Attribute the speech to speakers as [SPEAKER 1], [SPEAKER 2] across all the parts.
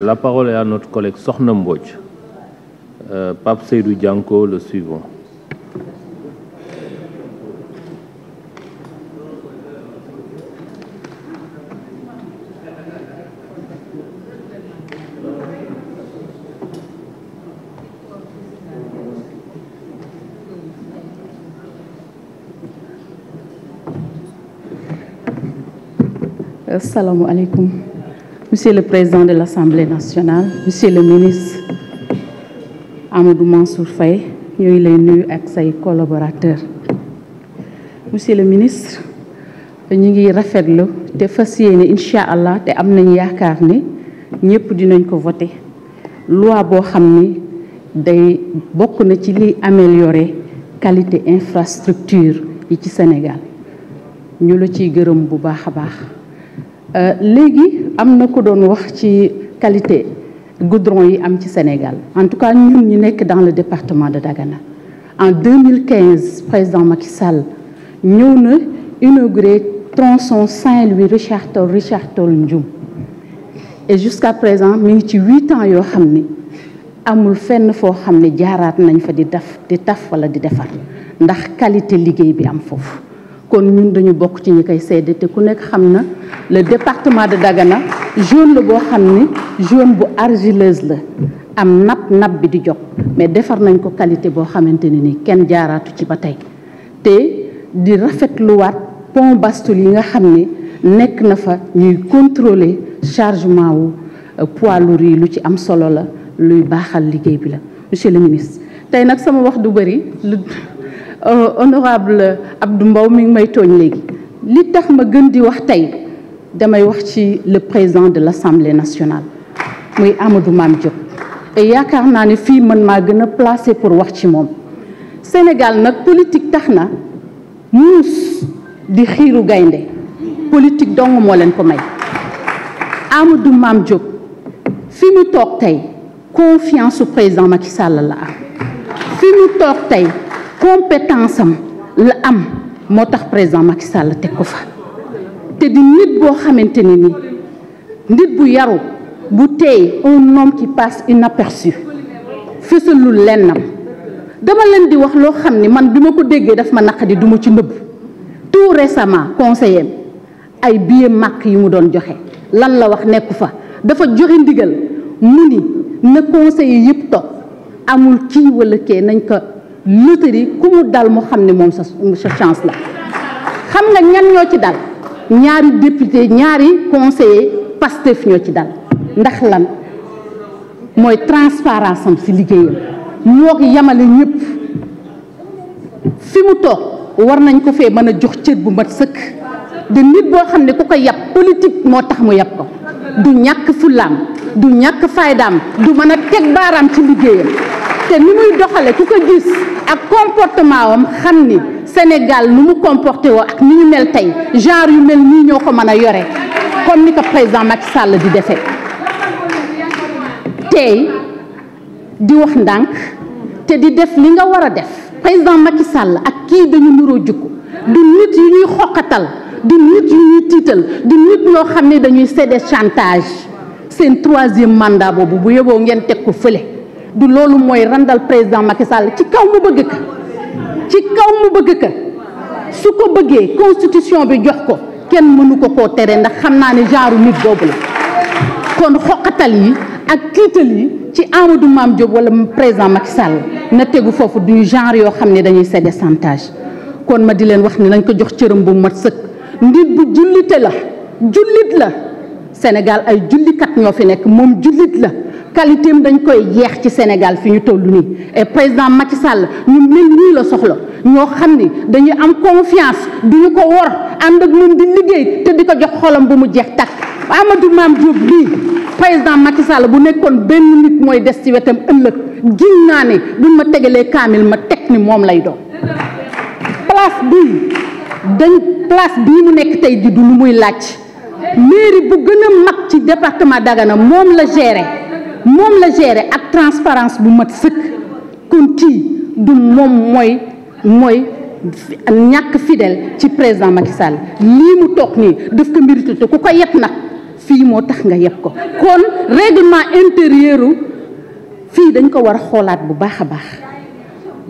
[SPEAKER 1] La parole est à notre collègue Sokhna Mbodj. Euh, Pape Seydou Dianko, le suivant.
[SPEAKER 2] Assalaamu aleykum. Monsieur le Président de l'Assemblée nationale Monsieur le ministre Amadou Mansour Faye ñooy leen nuyu ak say collaborateur Monsieur le ministre ñu ngi rafetlu te fas yéene incha allah te am nañ yaakaar ni ñëpp dinañ ko voté loi boo xam ni day bokk na ci liy améliorer qualité infrastructure yi ci Sénégal ñu la ciy gërëm bu baax a baax euh, léegi am na ko doon wax ci qualité goudron yi am ci Sénégal en tout cas ñun ñu nekk dans le département de Dagana en 2015 président Macky Sall ñëw na inauguré tronçon Saint-Louis Richard Toll Richard Toll Ndioum et jusqu'à présent mi ngi ci huit ans yoo xam ni amul fenn foo xam ne jaaraat nañ fa di def di taf wala di defar ndax qualité liggéey bi am foofu kon ñun dañu bokk ci ñi koy seede te ku nekk xam na le département de Dagana zone la boo xam ni zone bu argileuse la am napp napp bi di jox mais defar nañ ko qualité boo xamante ne ni kenn jaaraatu ci ba tey te di rafetluwaat pont Bastoul yi nga xam ni nekk na fa ñuy contrôler chargement wu euh, poids lourds yi lu ci am solo la luy baaxal liggéey bi la monsieur le ministre tey nag sama wax du bëri lu euh, honorable Abdou Mbow mi may tooñ léegi li tax ma gën di wax tey damay wax ci le président de l'Assemblée nationale muy Amadou Mame Diop te yaakaar naa ne fii man maa gën a placé pour wax ci moom Sénégal nag politique tax na muus di xiiru gaynde politique dong moo leen ko may Amadou Mame Diop fi mu toog tey confiance su président Macky Sall la am fi mu toog tey compétence am la am moo tax président Macky Sall teg ko fa te di nit boo xamante ne ni nit bu yaru bu teey un homme qui passe inaperçu fësalul lennam dama leen di wax loo xam ne man bi ma ko déggee daf ma naqadi duma ci nëbb tout récemment conseiller ay billet màkk yi mu doon joxe lan la wax nekku fa dafa joxe ndigal mu ni na conseiller yëpp toog amul kii wala kee nañ ko loterie ku mu dal mu xam ne moom sa sa chance la xam nga ñan ñoo ci dal ñaari député ñaari conseiller Pastef ñoo ci dal ndax lan mooy transparence ci si liggéeyam moo ko yamale ñëpp fi mu toog war nañ ko fee mën a jox cër bu mat sëkk de nit boo xam ne ku ko yab politique moo tax mu yab ko du ñàkk fullaam du ñàkk faydaam du mën a teg baaraam ci liggéeyam te ni muy doxale ku ko gis ak comportement am xam ni Sénégal nu mu comporté woo ak ni ñu mel tey genre yu mel nii ñoo ko mën a yore comme ni ko président Macky Sall di defee tey di wax ndànk te di def li nga war a def président Macky Sall ak kii dañu nuroo jukku du nit yu ñuy xoqatal du nit yu ñuy tiital du nit ñoo xam ne dañuy cédé chantage seen troisième mandat boobu bu yeboo ngeen teg ko fële du loolu mooy randal président Macky Sall ci kaw mu bëgg ka ci kaw mu bëgg ka su ko bëggee constitution bi jox ko kenn mënu ko koo teree ndax xam naa ne genre nit boobu la kon xoqatal yi ak tiital yi ci Amadou maam Diop wala président Macky Sall na tegu foofu du genre yoo xam ne dañuy cédé chantage kon ma di leen wax ne nañ ko jox cëram bu mat sëkk nit bu jullite la jullit la Sénégal ay jullikat ñoo fi nekk moom jullit la qualité dañ koy yeex ci Sénégal fi ñu toll nii et président Macky Sall ñu mel nii la soxla ñoo xam ni dañuy am confiance duñu ko wor ànd ak moom di liggéey te di ko jox xolam bu mu jeex takk Amadou maam Diop bii président Macky Sall bu nekkoon benn nit mooy des ci wetam ëllëg gin naa ne buñ ma tegalee kaamil ma teg ni moom lay doon place bii dañ place bii mu nekk tey ji du lu muy laaj mairie bu gën a mag ci département Dagana moom la gérer moom la gérer ak transparence bu mat sëkk kon kii du moom mooy mooy ñàkk fidèle ci président Macky Sall lii mu toog nii daf ko mérité te ku ko yeb nag fii moo tax nga yeb ko kon règlement intérieur fii dañ ko war a xoolaat bu baax a baax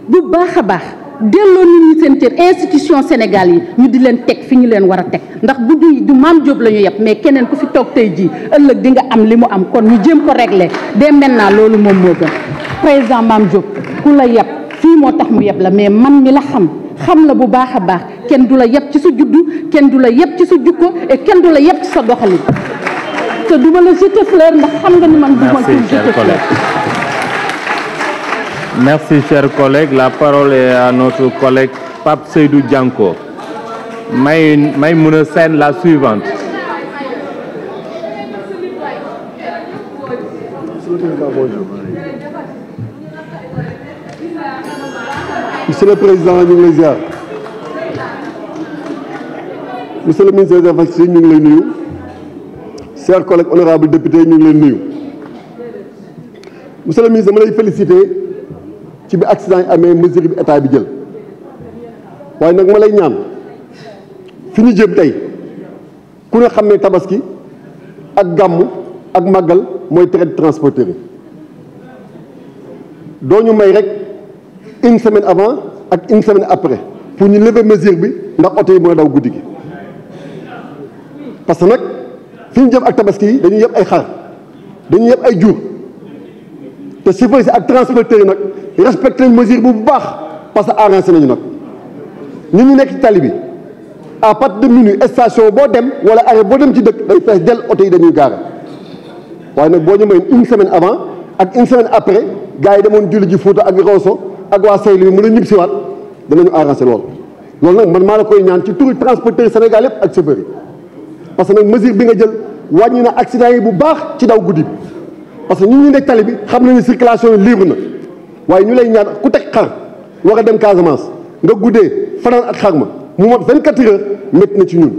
[SPEAKER 2] bu baax a baax delloo nit ñi seen cër institution Sénégal yi ñu di leen teg fi ñu leen war a teg ndax bu du du Mame Diop la ñu mais keneen ku fi toog tey jii ëllëg di nga am li mu am kon ñu jëm ko régler dès maintenant loolu moom moo gën président maam Diop ku la yeb fii moo tax mu yeb la mais man mi la xam xam la bu baax a baax kenn du la yeb ci sa juddu kenn du la yeb ci sa jukko kenn du la yeb ci sa doxalin te duma la jeter fleur ndax xam nga ni man duma ko jeter
[SPEAKER 1] Merci, chers collègues. La parole est à notre collègue Pape Seydou Dianko. la suivante. Monsieur le Président ñu ngi lay ziar monsieur le ministre des Affaires ñu ngi monsieur le ministre dama lay ci bi accident yi amee mesure bi état bi jël waaye nag ma lay ñaan fi ñu jëm tey ku ne xam ne tabaski ak gàmm ak màggal mooy traite transporteur yi doo ñu may rek une semaine avant ak une semaine après pour ñu lever mesure bi ndax oto yi mën a daw guddi gi parce que nag fi ñu jëm ak tabaski yi dañuy yëpp ay xar dañuy yëpp ay jur te si si ak transporteur yi nag respecté nañ mesure bu baax parce que arrangé nañu nag ñu ñu nekk ci tali bi à partir de minuit station boo dem wala arrêt boo dem ci dëkk day fees del oto yi dañuy gaara waaye nag boo ñu mayoon une semaine avant ak une semaine après gars yi demoon julli ji Fuuta ak Rosso ak waa Saint-Louis mën a ñib siwaat danañu arrangé loolu loolu nag man maa la koy ñaan ci turu transporteur Sénégal yëpp ak chauffeur yi parce que nag mesure bi nga jël wàññi na accident yi bu baax ci daw guddi bi parce que ñun ñu nekk tali bi xam nañu circulation libre na waaye ñu lay ñaan ku teg xar war a dem Casamance nga guddee fanaan ak xar ma mu mot 24 heures métti na ci ñun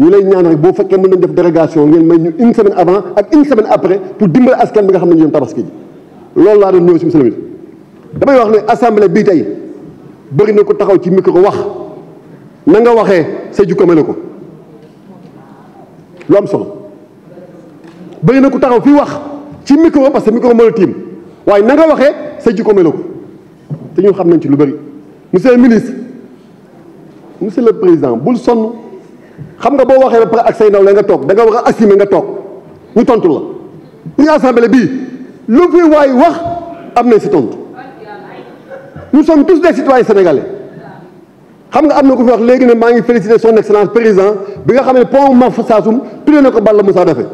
[SPEAKER 1] ñu lay ñaan rek boo fekkee mën nañ def dérogation ngeen may ñu une semaine avant ak une semaine après pour dimbali askan bi nga xam ne ñu tabaski ji loolu laa doon ñëw si monsieur le damay wax ne assemblée bii tey bëri na ko taxaw ci micro wax na nga waxee sa jukko mel ko lu am solo bëri na ko taxaw fii wax ci micro parce que micro moo la tiim waaye na nga waxee. sa jikko melu ko te ñun xam nañ ci lu bëri monsieur le ministre monsieur le président bul sonn xam nga boo waxee ba pare ak say ndaw nga toog da nga war a assumer nga toog ñu tontu la pour assemblée bii lu fi waay wax am nañ si tontu nous sommes tous des citoyens sénégalais xam nga am na ko fi wax léegi ne maa ngi féliciter son excellence président bi nga xam ne pont saa Sassoum tuddee na ko Balla Moussa Daffé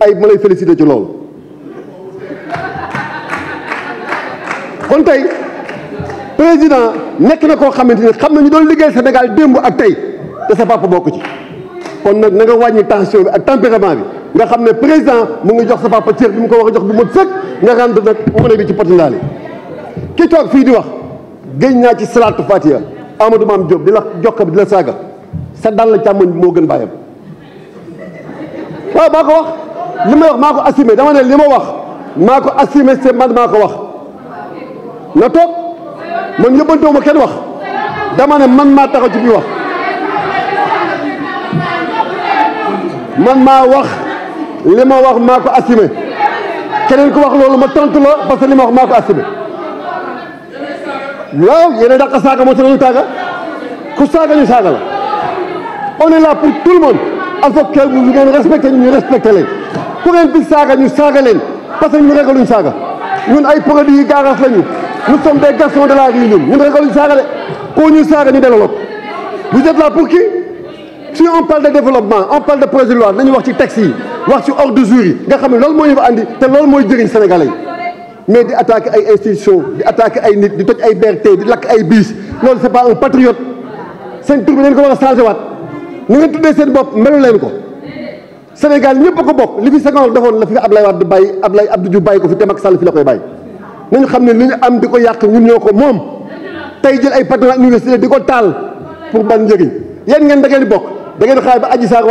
[SPEAKER 1] ay ma lay féliciter ci loolu. kon tey président nekk na koo xamante ni xam na ñu doon liggéey Sénégal démb ak tey te sa bokk kon nag na nga wàññi tension bi ak tempérament nga xam ne président mu ngi jox sa papa cër bi mu ko war a jox bu mot sëkk nga rendre nag monnaie bi ci ki toog fii di wax géñ naa ci salaatu fatiha Amadou Mame di la jokka bi di la saaga sa dàll càmmoñ moo gën bàyyam waaw maa ko wax li may wax maa ko assumé dama ne li ma wax maa ko assumé c'est man maa ko wax na toog man yëbbantewu ma kenn wax dama ne man maa taxaw ci wax man maa wax li ma wax maa ko keneen ku wax loolu ma tontu la parce que ma wax maa ko assumé waaw a dàq saaga moo ci lañu tàgga ku saaga ñu saaga la on est là moon tout le monde il faut que ñu ngeen respecté ñu ñu respecté leen ku ngeen bi saaga ñu saaga leen parce que ñu ragaluñ saaga ñun ay produits yi gaaraas lañu nous sommes des garçons de la rue ñun ñun ragaluñ saaga de koo ñuy saaga ñu delloo ko vous êtes là pour qui si on parle de développement on parle de projet de loi nañu wax ci texte yi wax ci ordre du jour yi nga xam ne loolu moo ñu fa andi te loolu mooy jëriñ sénégalais yi mais di attaquer ay institutions di attaquer ay nit di toj ay BRT di lakk ay biis loolu c'est pas un patriote seen tur leen ko war a changé waat ni nga tuddee seen bopp melu leen ko Sénégal ñëpp a ko bokk li fi Senghor defoon la fi Ablaye Wade ko fi te Macky koy bàyyi nañ xam ne li ñu am di ko yàq ñun ñoo ko moom tey jël ay patron université di ko taal pour ban njëriñ yéen ngeen da ngeen di bokk da ngeen xaar ba aji saar